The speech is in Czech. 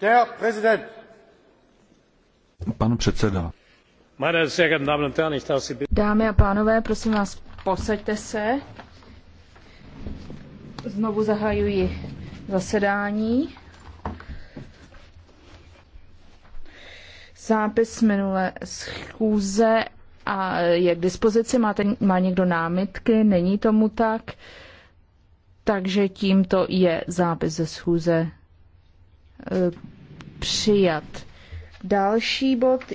Der Präsident. Pan předseda. Dámy a pánové, prosím vás, posaďte se. Znovu zahajuji zasedání. Zápis minulé schůze a je k dispozici. Máte, má někdo námitky? Není tomu tak. Takže tímto je zápis ze schůze přijat. Další bod